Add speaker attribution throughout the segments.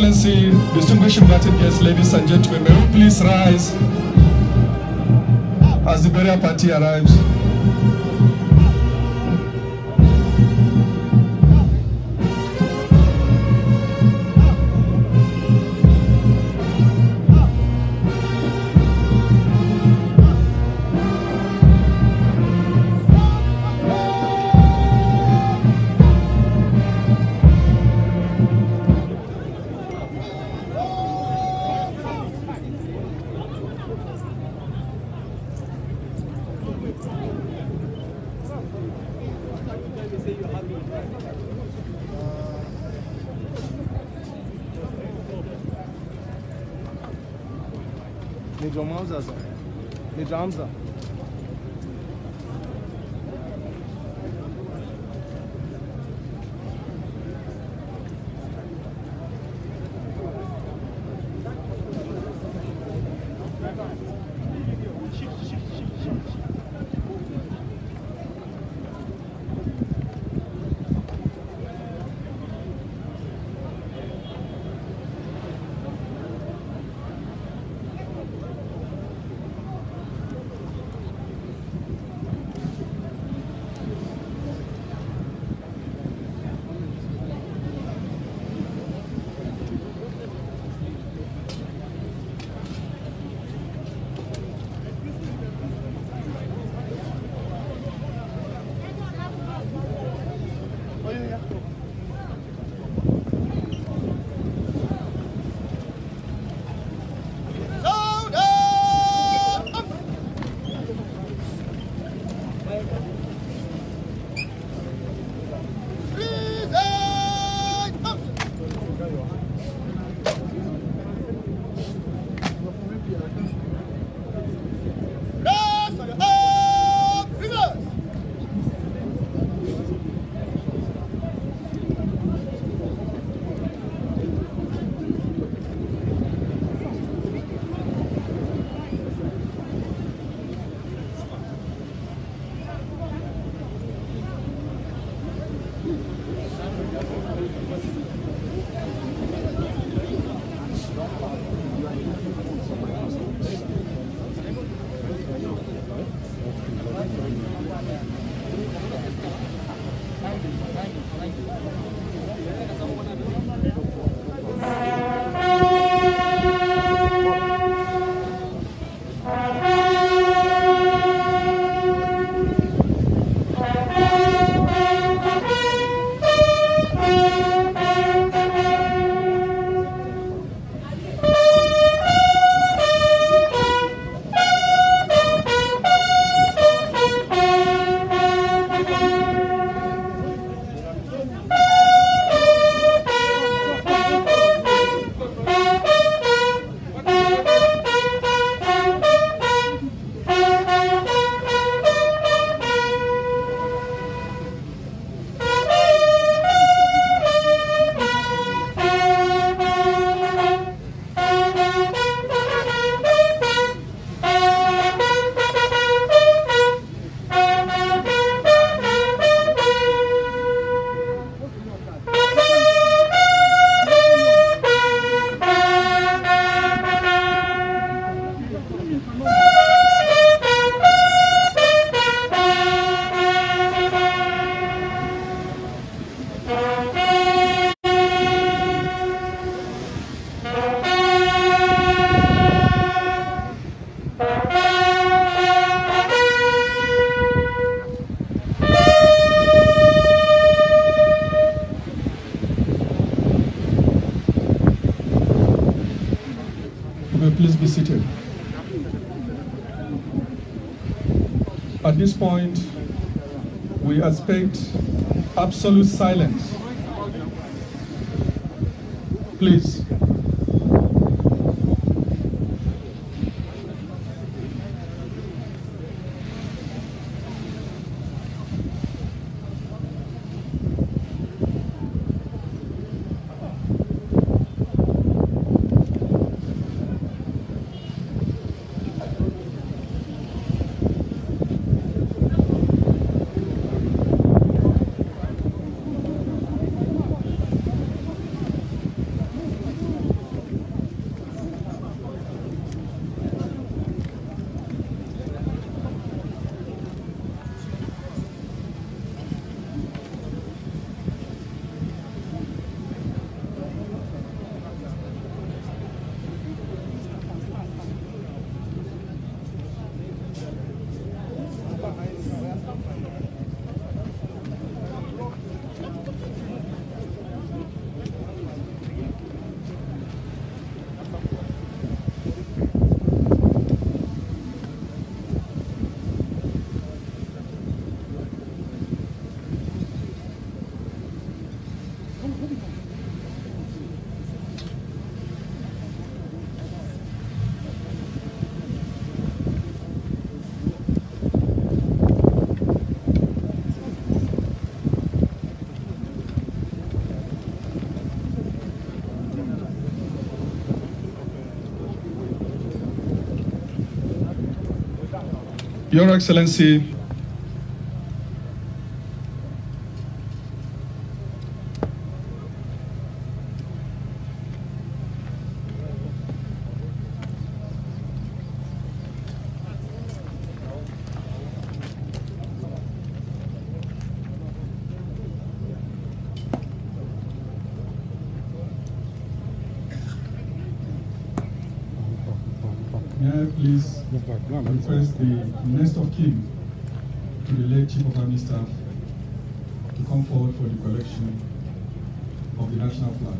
Speaker 1: Excellency, distinguished invited guests, ladies and gentlemen, may you please rise as the burial party arrives.
Speaker 2: Hamza. Hamza.
Speaker 1: Perfect. absolute silence. Please. Your Excellency, May I please request the next of kin to the late Chief of Army Staff to come forward for the collection of the national flag.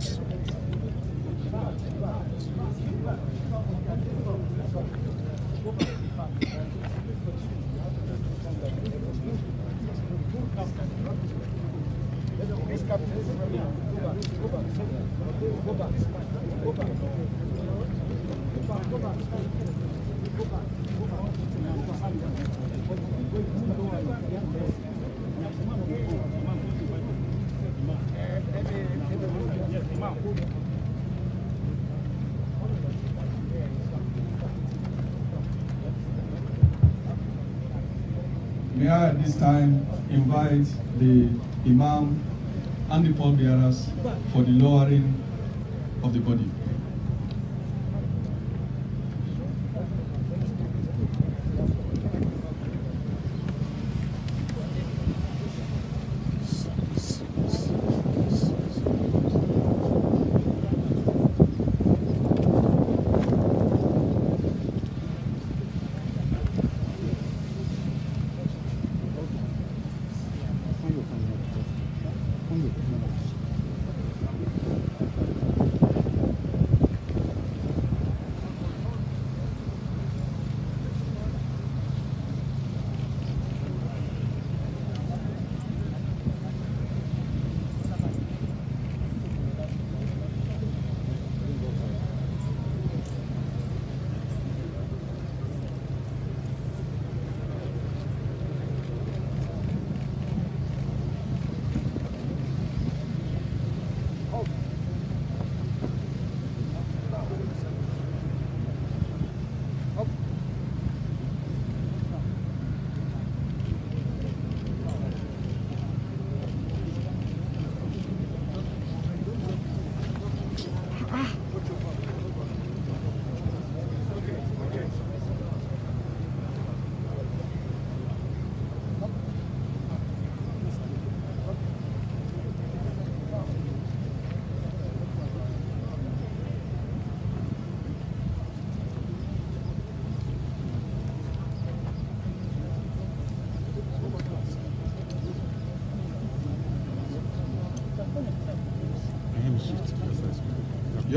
Speaker 1: Thanks. this time invite the Imam and the pall bearers for the lowering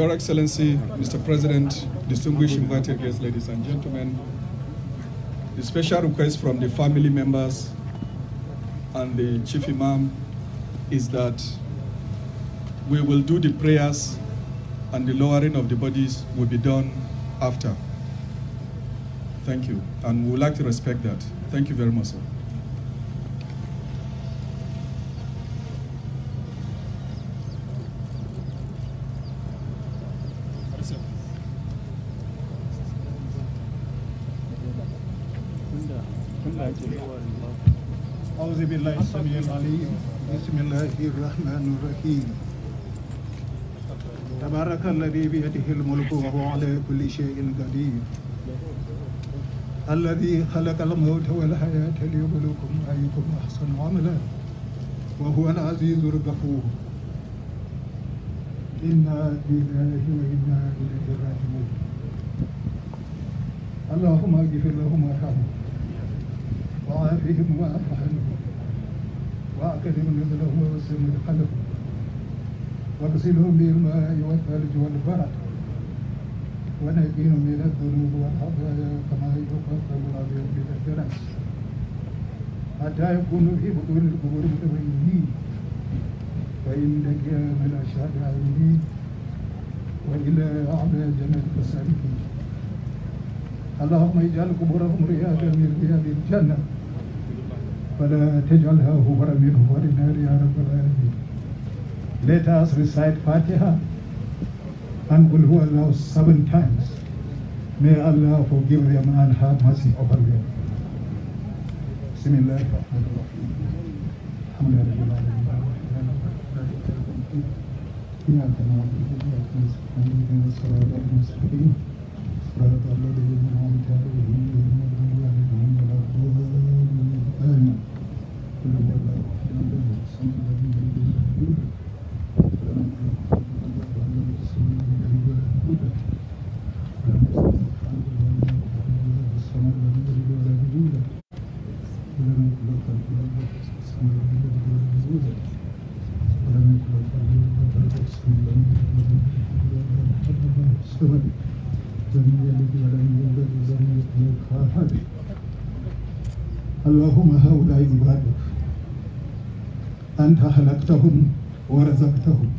Speaker 1: Your Excellency, Mr. President, distinguished invited guests, ladies and gentlemen, the special request from the family members and the Chief Imam is that we will do the prayers and the lowering of the bodies will be done after. Thank you. And we would like to respect that. Thank you very much, sir.
Speaker 2: أعوذ بالله السميع العليم بسم الله الرحمن الرحيم تبارك الذي بيده الملك وهو على كل شيء قدير الذي خلق الموت والحياة ليبلوكم أيكم أحسن عملا وهو العزيز الغفور إنا لله وإنا إليه راجعون اللهم اغفر لهم وارحمهم وعافهم وارحمهم وأكلهم يذله ووسع مدخلهم واغسلهم بالماء والثلج والبرد ونجيهم من الذنوب والخطايا كما يخفف الغبير من الدرس حتى يكونوا في بطون القبور متوينين فإنك يا من أشهد عيني وإلى أعلى جنة السالكين اللهم اجعل قبورهم رياضا من رياض الجنة Let us recite Fatiha and Qul Huwa Allah seven times. May Allah forgive them and have mercy over them. Similar. الله الرحمن اللهم هؤلاء عبادك أنت خلقتهم ورزقتهم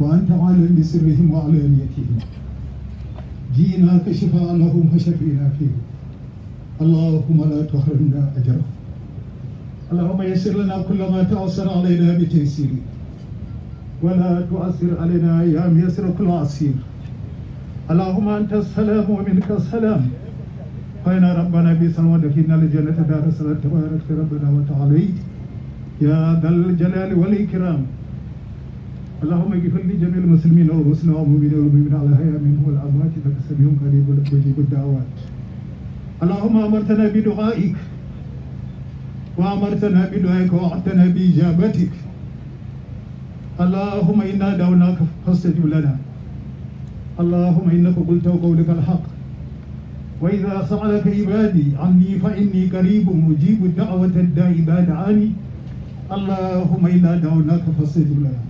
Speaker 2: وأنت عالم بسرهم وعلانيتهم جينا كشفاء لهم وشفينا فيهم اللهم لا تحرمنا أجره اللهم يسر لنا كل ما تعسر علينا بتيسيره ولا تؤثر علينا أيام يسر كل عسير اللهم أنت السلام ومنك السلام فإن ربنا بيسا ودخلنا لجنة دار السلام تبارك ربنا وتعالى يا ذا الجلال والإكرام اللهم اغفر لجميع المسلمين والمسلمين والمؤمنين والمؤمنين على هيئة منهم والأموات إنك سميع قريب مجيب الدعوات اللهم أمرتنا بدعائك وأمرتنا بدعائك ووعدتنا بإجابتك اللهم إنا دعوناك فاستجب لنا اللهم إنك قلت قولك الحق وإذا سألك عبادي عني فإني قريب مجيب الدعوة الداعي عني اللهم إنا دعوناك فاستجب لنا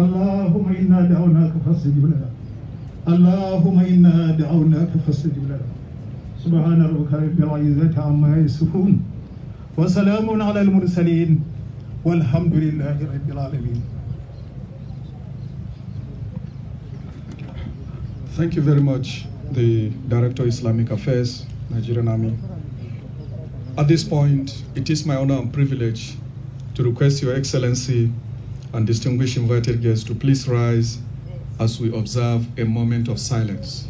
Speaker 2: اللهم إنا دعوناك فاستجب لنا اللهم إنا دعوناك فاستجب لنا سبحان ربك رب العزة عما يصفون وسلام على المرسلين والحمد لله رب العالمين
Speaker 1: Thank you very much, the Director of Islamic Affairs, Nigerian Army. At this point, it is my honor and privilege to request Your Excellency and distinguished invited guests to please rise as we observe a moment of silence.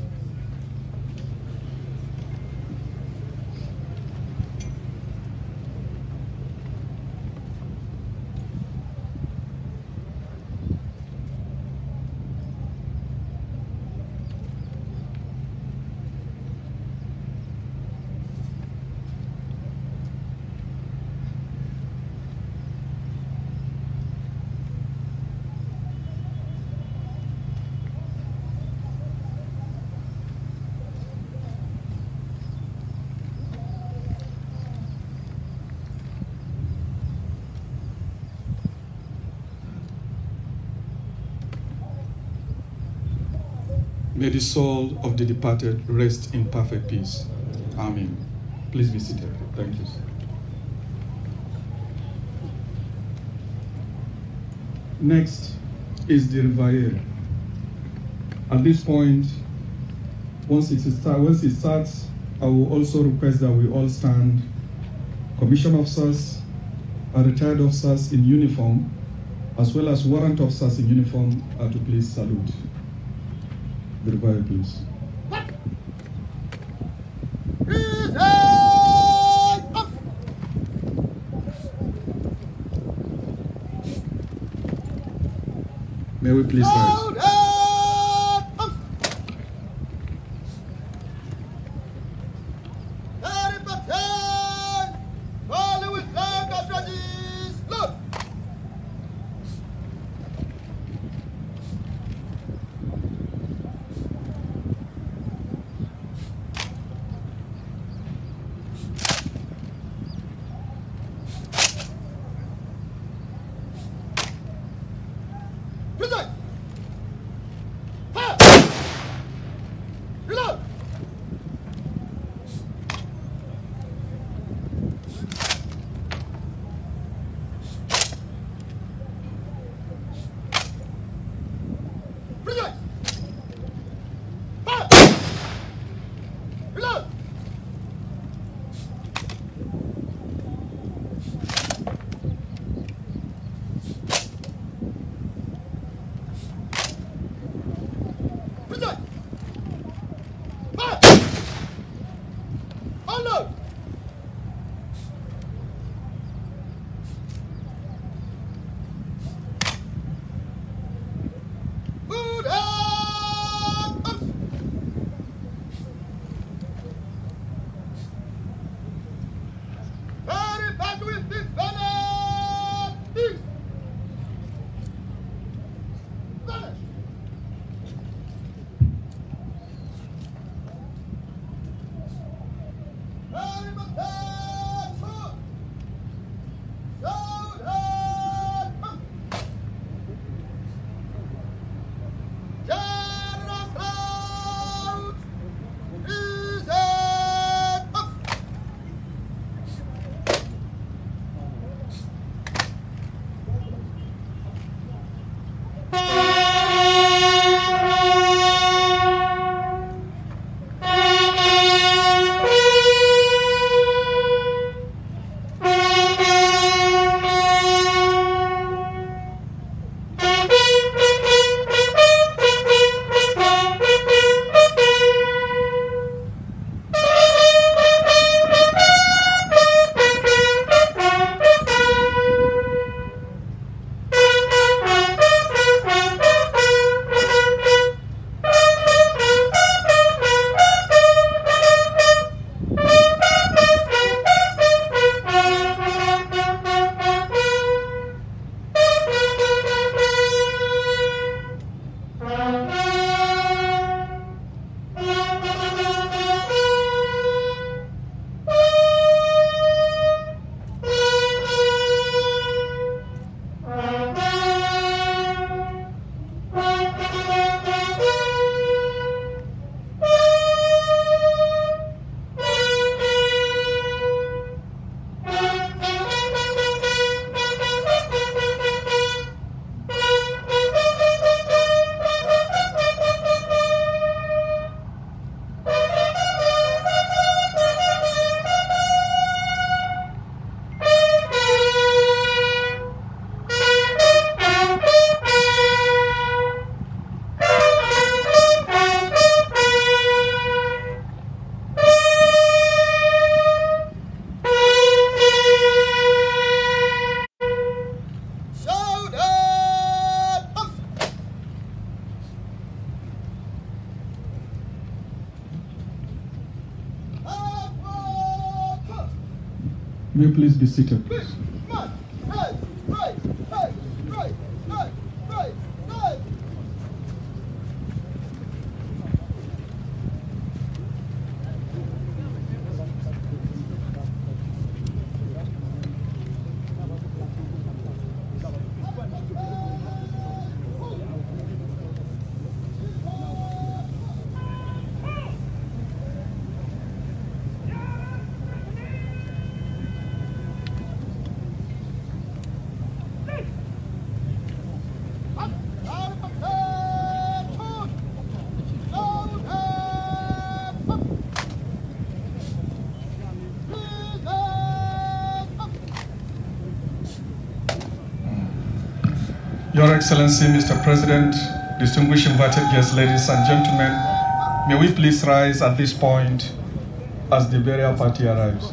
Speaker 1: soul of the departed rest in perfect peace. Amen. Please be seated. Thank you. Next is the Riviere. At this point, once it, start, once it starts, I will also request that we all stand, commission officers retired officers in uniform, as well as warrant officers in uniform, are to please salute the required please. May we please rise? you please be seated? Please. Your Excellency, Mr. President, distinguished invited guests, ladies and gentlemen, may we please rise at this point as the burial party arrives.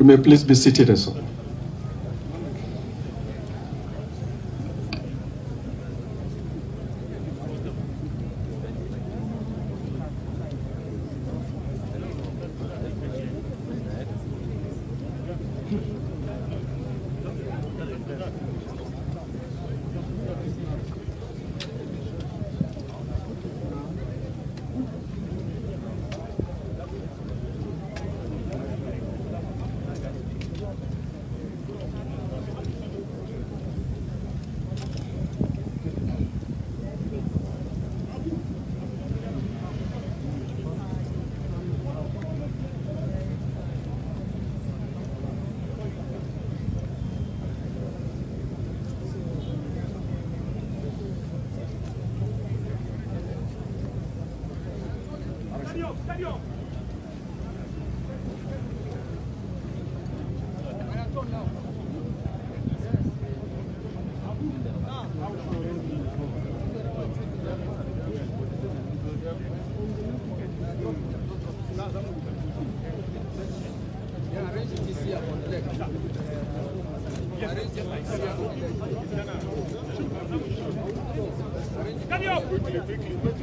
Speaker 1: You may please be seated as well.
Speaker 2: Come
Speaker 3: here!